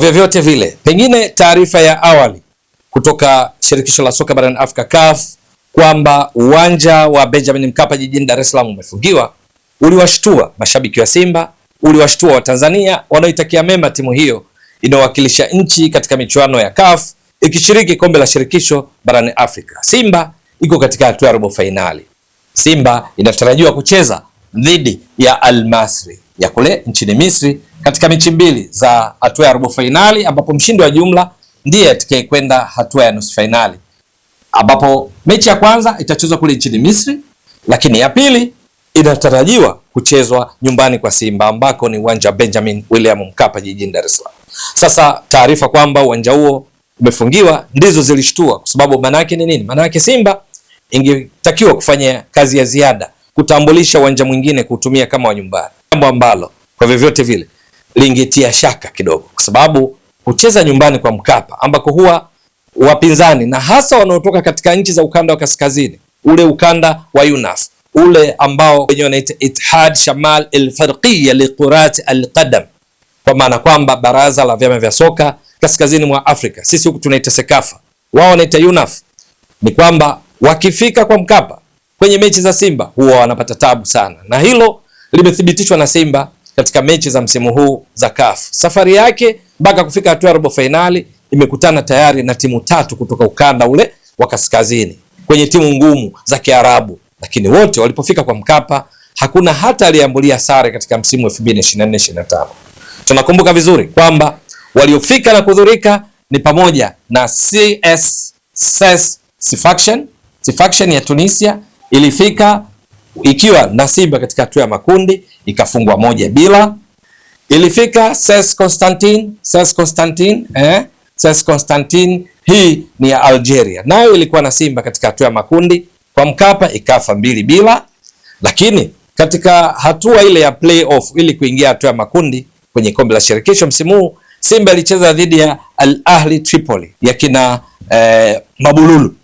vyovyote vile. Pengine taarifa ya awali kutoka shirikisho la soka barani Afrika CAF kwamba uwanja wa Benjamin Mkapa jijini Dar es Salaam umefungiwa uliwashtua mashabiki wa Simba, uliwashtua Watanzania wanaoitakia mema timu hiyo inayowakilisha nchi katika michuano ya CAF ikishiriki kombe la shirikisho barani Afrika. Simba iko katika hatua ya robo fainali. Simba inatarajiwa kucheza dhidi ya Al Masry ya kule nchini Misri katika mechi mbili za hatua ya robo fainali, ambapo mshindi wa jumla ndiye atakayekwenda hatua ya nusu fainali, ambapo mechi ya kwanza itachezwa kule nchini Misri, lakini ya pili inatarajiwa kuchezwa nyumbani kwa Simba ambako ni uwanja wa Benjamin William Mkapa jijini Dar es Salaam. Sasa taarifa kwamba uwanja huo umefungiwa ndizo zilishtua, kwa sababu maana ni nini? Maana Simba ingetakiwa kufanya kazi ya ziada kutambulisha uwanja mwingine kuutumia kama wa nyumbani, jambo ambalo kwa vyovyote vile lingetia shaka kidogo, kwa sababu kucheza nyumbani kwa Mkapa ambako huwa wapinzani na hasa wanaotoka katika nchi za ukanda wa kaskazini, ule ukanda wa UNAF ule ambao wenyewe wanaita Ittihad Shamal al-Farqiyya li al-Qadam, kwa maana kwamba baraza la vyama vya soka kaskazini mwa Afrika, sisi huku tunaita Sekafa, wao wanaita UNAF. Ni kwamba wakifika kwa Mkapa kwenye mechi za Simba huwa wanapata tabu sana, na hilo limethibitishwa na Simba katika mechi za msimu huu za CAF. Safari yake mpaka kufika hatua ya robo fainali imekutana tayari na timu tatu kutoka ukanda ule wa kaskazini kwenye timu ngumu za Kiarabu, lakini wote walipofika kwa Mkapa hakuna hata aliyeambulia sare katika msimu 2024-2025. Tunakumbuka vizuri kwamba waliofika na kudhurika ni pamoja na CS, CS, Sfaxien, Sfaxien ya Tunisia ilifika ikiwa na Simba katika hatua ya makundi ikafungwa moja bila. Ilifika Ses Constantine, Ses Constantine, eh? Ses Constantine hii ni ya Algeria, nayo ilikuwa na Simba katika hatua ya makundi kwa Mkapa ikafa mbili bila, lakini katika hatua ile ya playoff ili kuingia hatua ya makundi kwenye kombe la shirikisho msimu huu Simba ilicheza dhidi ya Al Ahli Tripoli ya kina eh, Mabululu.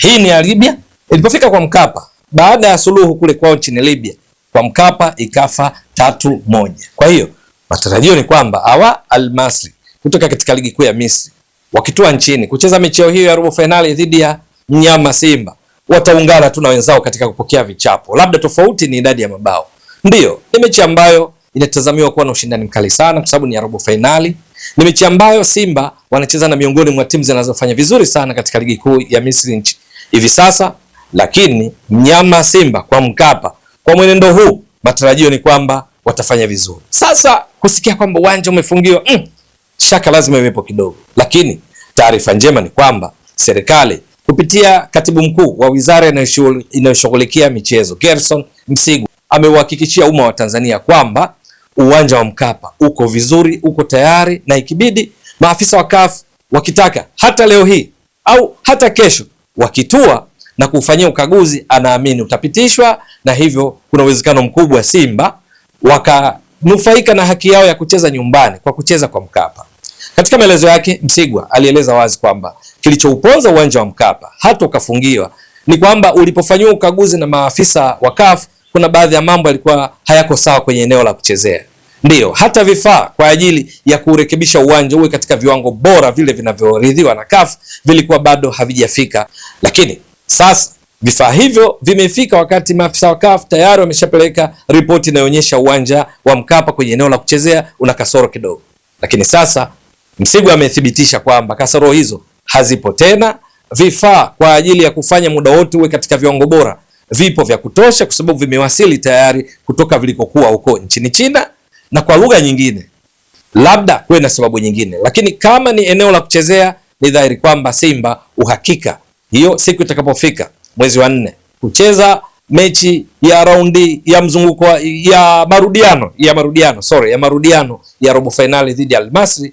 Hii ni ya Libya. Ilipofika kwa Mkapa baada ya suluhu kule kwao nchini Libya kwa Mkapa ikafa tatu moja. Kwa hiyo matarajio ni kwamba hawa Al-Masri kutoka katika ligi kuu ya Misri wakitua nchini kucheza michezo hiyo ya robo fainali dhidi ya mnyama Simba wataungana tu na wenzao katika kupokea vichapo, labda tofauti ni idadi ya mabao. Ndiyo, ni mechi ambayo inatazamiwa kuwa na ushindani mkali sana, kwa sababu ni ya robo fainali. Ni mechi ambayo Simba wanacheza na miongoni mwa timu zinazofanya vizuri sana katika ligi kuu ya Misri nchi hivi sasa lakini mnyama Simba kwa Mkapa kwa mwenendo huu, matarajio ni kwamba watafanya vizuri. Sasa kusikia kwamba uwanja umefungiwa, mm, shaka lazima iwepo kidogo, lakini taarifa njema ni kwamba serikali kupitia katibu mkuu wa wizara inayoshughulikia michezo Gerson Msigu amewahakikishia umma wa Tanzania kwamba uwanja wa Mkapa uko vizuri, uko tayari, na ikibidi maafisa wa CAF wakitaka hata leo hii au hata kesho wakitua na kufanyia ukaguzi, anaamini utapitishwa, na hivyo kuna uwezekano mkubwa Simba wakanufaika na haki yao ya kucheza nyumbani kwa kucheza kwa Mkapa. Katika maelezo yake, Msigwa alieleza wazi kwamba kilichouponza uwanja wa Mkapa hata ukafungiwa ni kwamba ulipofanyiwa ukaguzi na maafisa wa CAF, kuna baadhi ya mambo yalikuwa hayako sawa kwenye eneo la kuchezea. Ndiyo, hata vifaa kwa ajili ya kurekebisha uwanja uwe katika viwango bora vile vinavyoridhiwa na CAF vilikuwa bado havijafika, lakini sasa vifaa hivyo vimefika wakati maafisa wa CAF tayari wameshapeleka ripoti inayoonyesha uwanja wa Mkapa kwenye eneo la kuchezea una kasoro kidogo, lakini sasa Msigwa amethibitisha kwamba kasoro hizo hazipo tena. Vifaa kwa ajili ya kufanya muda wote uwe katika viwango bora vipo vya kutosha, kwa sababu vimewasili tayari kutoka vilikokuwa huko nchini China. Na kwa lugha nyingine, labda kuwe na sababu nyingine, lakini kama ni eneo la kuchezea, ni dhahiri kwamba Simba uhakika hiyo siku itakapofika mwezi wa nne kucheza mechi ya raundi ya mzunguko ya marudiano ya marudiano sorry, ya marudiano ya robo fainali dhidi ya Almasri,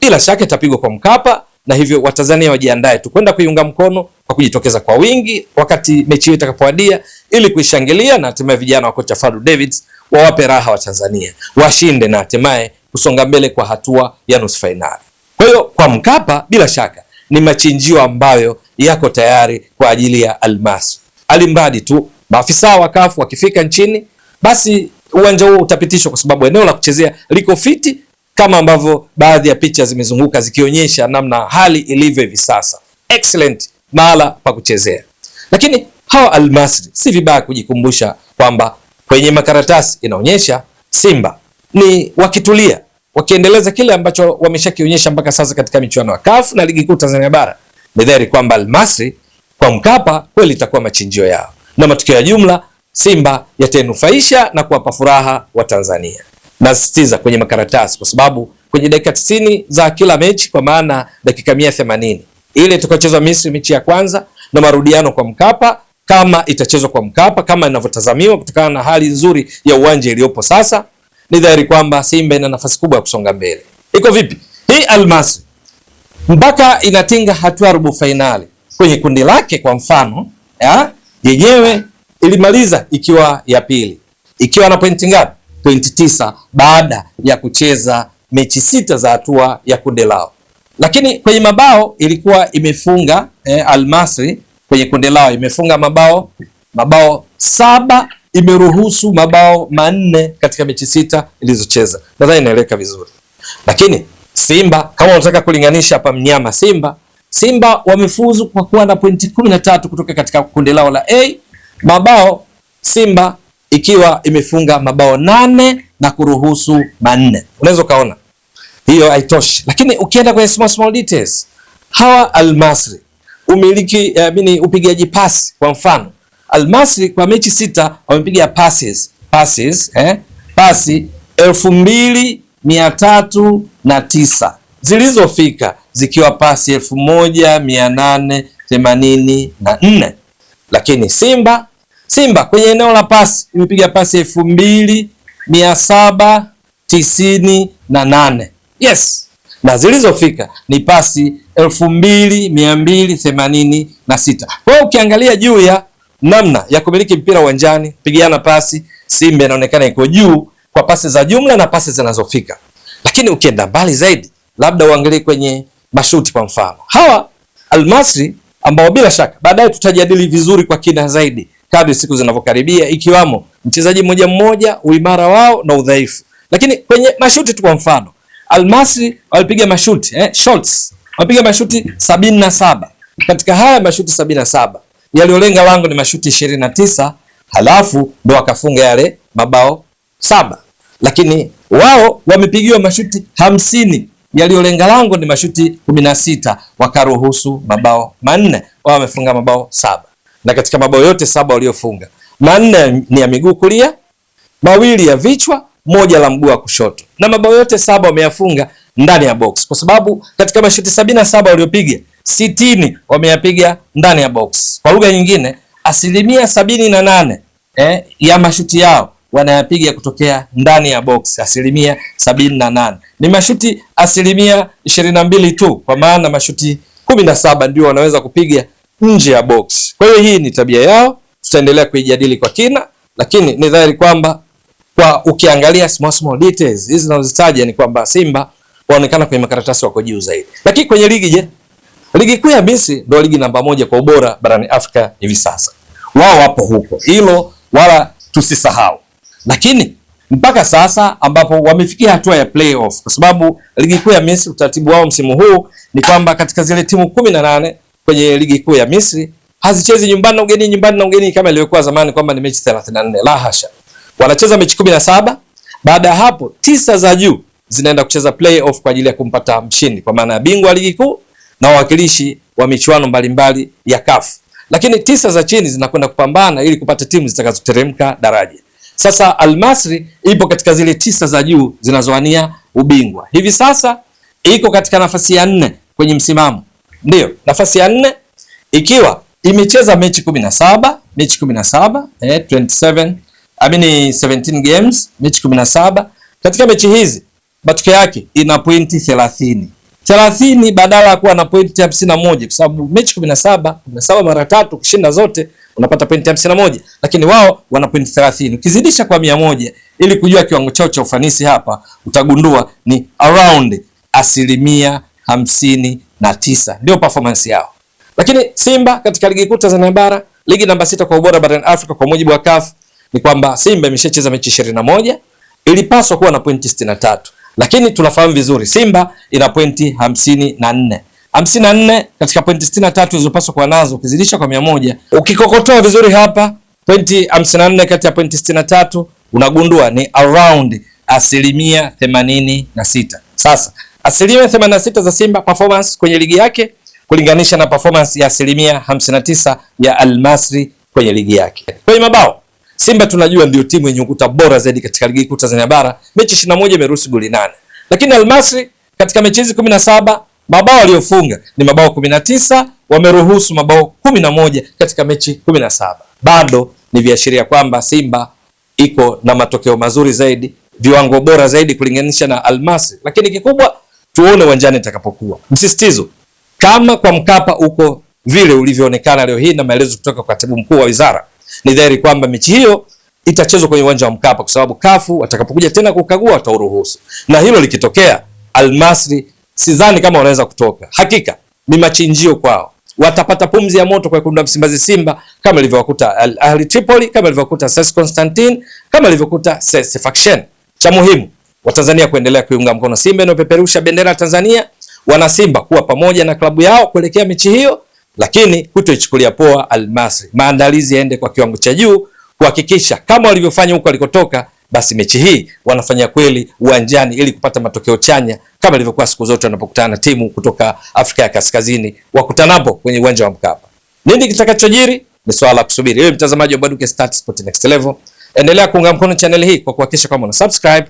bila shaka itapigwa kwa Mkapa, na hivyo Watanzania wajiandae tu kwenda kuiunga mkono kwa kujitokeza kwa wingi wakati mechi hiyo itakapowadia, ili kuishangilia na hatimaye vijana wa kocha Fadlu Davids wawape raha wa Tanzania washinde na hatimaye kusonga mbele kwa hatua ya nusu fainali. Kwa hiyo kwa Mkapa bila shaka ni machinjio ambayo yako tayari kwa ajili ya almasi. Alimradi tu maafisa wa CAF wakifika nchini, basi uwanja huo utapitishwa, kwa sababu eneo la kuchezea liko fiti, kama ambavyo baadhi ya picha zimezunguka zikionyesha namna hali ilivyo hivi sasa. Excellent mahala pa kuchezea, lakini hawa Almasri si vibaya kujikumbusha kwamba kwenye makaratasi inaonyesha Simba ni wakitulia wakiendeleza kile ambacho wameshakionyesha mpaka sasa katika michuano ya CAF na ligi kuu Tanzania bara. Ni dhahiri kwamba Almasri kwa Mkapa kweli itakuwa machinjio yao, na matukio ya jumla Simba yatanufaisha na kuwapa furaha wa Tanzania. Nasisitiza kwenye makaratasi, kwa sababu kwenye dakika tisini za kila mechi, kwa maana dakika 180 ile itakayochezwa Misri mechi ya kwanza na marudiano kwa Mkapa, kama itachezwa kwa Mkapa kama inavyotazamiwa kutokana na hali nzuri ya uwanja iliyopo sasa ni dhahiri kwamba Simba ina nafasi kubwa ya kusonga mbele. Iko vipi hii Almasi mpaka inatinga hatua robo fainali kwenye kundi lake? Kwa mfano ya, yenyewe ilimaliza ikiwa ya pili ikiwa na pointi ngapi? Pointi tisa baada ya kucheza mechi sita za hatua ya kundi lao, lakini kwenye mabao ilikuwa imefunga eh, Almasri kwenye kundi lao imefunga mabao mabao saba imeruhusu mabao manne katika mechi sita ilizocheza. Nadhani inaeleweka vizuri, lakini Simba kama unataka kulinganisha hapa mnyama Simba, Simba wamefuzu kwa kuwa na pointi kumi na tatu kutoka katika kundi lao la A, mabao Simba ikiwa imefunga mabao nane na kuruhusu manne. Unaweza ukaona hiyo haitoshi, lakini ukienda kwenye small small details, hawa Almasri umiliki uh, eh, mini upigaji pasi kwa mfano Almasri kwa mechi sita wamepiga passes passes eh, pasi elfu mbili mia tatu na tisa zilizofika zikiwa pasi elfu moja mia nane themanini na nne lakini Simba Simba kwenye eneo la pasi imepiga pasi elfu mbili mia saba tisini na nane yes, na zilizofika ni pasi elfu mbili mia mbili themanini na sita Kwa hiyo ukiangalia juu ya namna ya kumiliki mpira uwanjani, pigiana pasi. Simba inaonekana iko juu kwa pasi za jumla na pasi zinazofika, lakini ukienda mbali zaidi, labda uangalie kwenye mashuti. Kwa mfano hawa Almasri ambao bila shaka baadaye tutajadili vizuri kwa kina zaidi kadri siku zinavyokaribia, ikiwamo mchezaji mmoja mmoja, uimara wao na udhaifu. Lakini kwenye mashuti tu kwa mfano, Almasri walipiga mashuti eh, shots walipiga mashuti sabini na saba. Katika haya mashuti sabini na saba yaliyolenga lango ni mashuti 29 halafu ndo wakafunga yale mabao saba, lakini wao wamepigiwa mashuti hamsini yaliyolenga lango ni mashuti kumi na sita wakaruhusu mabao manne, wao wamefunga mabao saba, na katika mabao yote saba waliofunga manne ni ya miguu kulia, mawili ya vichwa, moja la mguu wa kushoto, na mabao yote saba wameyafunga ndani ya box, kwa sababu katika mashuti sabini na saba waliopiga sitini wameyapiga ndani ya box. Kwa lugha nyingine, asilimia sabini na nane eh, ya mashuti yao wanayapiga kutokea ndani ya box, asilimia sabini na nane ni mashuti asilimia ishirini na mbili tu, kwa maana mashuti kumi na saba ndio wanaweza kupiga nje ya box. Kwa hiyo hii ni tabia yao, tutaendelea kuijadili kwa kina, lakini ni dhahiri kwamba kwa ukiangalia small small details hizi zinazozitaja ni kwamba Simba waonekana kwenye makaratasi wako juu zaidi, lakini kwenye ligi je? Ligi kuu ya BC ndio ligi namba moja kwa ubora barani Afrika hivi sasa, wao wapo huko, hilo wala tusisahau. Lakini mpaka sasa ambapo wamefikia hatua ya playoff, kwa sababu ligi kuu ya Misri utaratibu wao msimu huu ni kwamba katika zile timu kumi na nane kwenye ligi kuu ya Misri hazichezi nyumbani na ugeni, nyumbani na ugeni, kama ilivyokuwa zamani kwamba ni mechi 34. La hasha, wanacheza mechi 17. Baada ya hapo, tisa za juu zinaenda kucheza playoff kwa ajili ya kumpata mshindi, kwa maana ya bingwa ligi kuu na wawakilishi wa michuano mbalimbali ya CAF, lakini tisa za chini zinakwenda kupambana ili kupata timu zitakazoteremka daraja. Sasa Almasri ipo katika zile tisa za juu zinazowania ubingwa hivi sasa, iko katika nafasi ya nne kwenye msimamo, ndio nafasi ya nne ikiwa imecheza mechi 17 mechi 17 eh, 27 I mean 17 games, mechi 17. Katika mechi hizi matokeo yake ina pointi thelathini badala ya kuwa na pointi hamsini na moja kwa sababu mechi kumi kumi na saba na saba mara tatu kushinda zote unapata pointi hamsini na moja lakini wao wana pointi thelathini Ukizidisha kwa mia moja ili kujua kiwango chao cha ufanisi hapa, utagundua ni around asilimia hamsini na tisa ndio performance yao. Lakini Simba katika ligi kuu Tanzania bara, ligi namba sita kwa ubora barani Afrika kwa mujibu wa CAF, ni kwamba Simba imeshacheza mechi ishirini na moja ilipaswa kuwa na pointi tatu lakini tunafahamu vizuri Simba ina pointi hamsini na nne hamsini na nne katika pointi sitini na tatu zilizopaswa kuwa nazo, ukizidisha kwa mia moja ukikokotoa vizuri hapa pointi hamsini na nne kati ya pointi sitini na tatu unagundua ni around asilimia themanini na sita. Sasa asilimia themanini na sita za Simba performance kwenye ligi yake kulinganisha na performance ya asilimia hamsini na tisa ya Almasri kwenye ligi yake kwenye mabao Simba tunajua ndio timu yenye ukuta bora zaidi katika ligi kuu Tanzania bara, mechi 21 imeruhusu goli nane. Lakini Almasri katika mechi hizi 17 mabao waliofunga ni mabao 19, wameruhusu mabao 11 katika mechi 17. Bado ni viashiria kwamba Simba iko na matokeo mazuri zaidi, viwango bora zaidi kulinganisha na Almasri. Lakini kikubwa tuone uwanjani itakapokuwa. Msisitizo kama kwa Mkapa uko vile ulivyoonekana leo hii na maelezo kutoka kwa katibu mkuu wa wizara ni dhahiri kwamba mechi hiyo itachezwa kwenye uwanja wa Mkapa kwa sababu kafu watakapokuja tena kukagua watauruhusu, na hilo likitokea, Almasri sidhani kama wanaweza kutoka. Hakika ni machinjio kwao, watapata pumzi ya moto kwa kundi Msimbazi Simba, kama ilivyowakuta Al Ahli Tripoli, kama ilivyokuta Ses Constantine, kama ilivyokuta Ses Faction. Cha muhimu Watanzania kuendelea kuiunga mkono Simba inayopeperusha bendera ya Tanzania, wana Simba kuwa pamoja na klabu yao kuelekea mechi hiyo lakini kutoichukulia poa Almasri. Maandalizi yaende kwa kiwango cha juu kuhakikisha kama walivyofanya huko walikotoka, basi mechi hii wanafanya kweli uwanjani ili kupata matokeo chanya kama ilivyokuwa siku zote wanapokutana na timu kutoka Afrika ya Kaskazini wakutanapo kwenye uwanja wa Mkapa. Nini kitakachojiri ni swala la kusubiri. Wewe mtazamaji wa Baduke Stats Sport Next Level, endelea kuunga mkono channel hii kwa kuhakikisha kwamba una subscribe